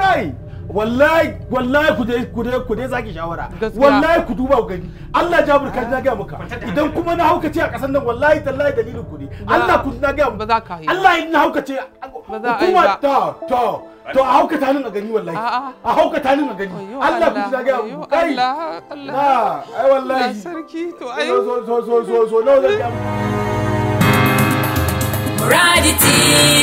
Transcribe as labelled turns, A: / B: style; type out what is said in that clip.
A: kai wallahi wallahi ku dai ku dai ku dai zaki shawara wallahi ku duba gani Allah jabir ga muka idan kuma na hauka ce a kasan nan wallahi tallahi dalilin ku ne
B: Allah ku na ga ba Allah in hauka
A: ce kuma ta a to a hauka ta nan a gani wallahi a hauka ta nan a gani Allah ku na ga kai
B: Allah
A: ai wallahi sarki to ai so so so so no
C: ga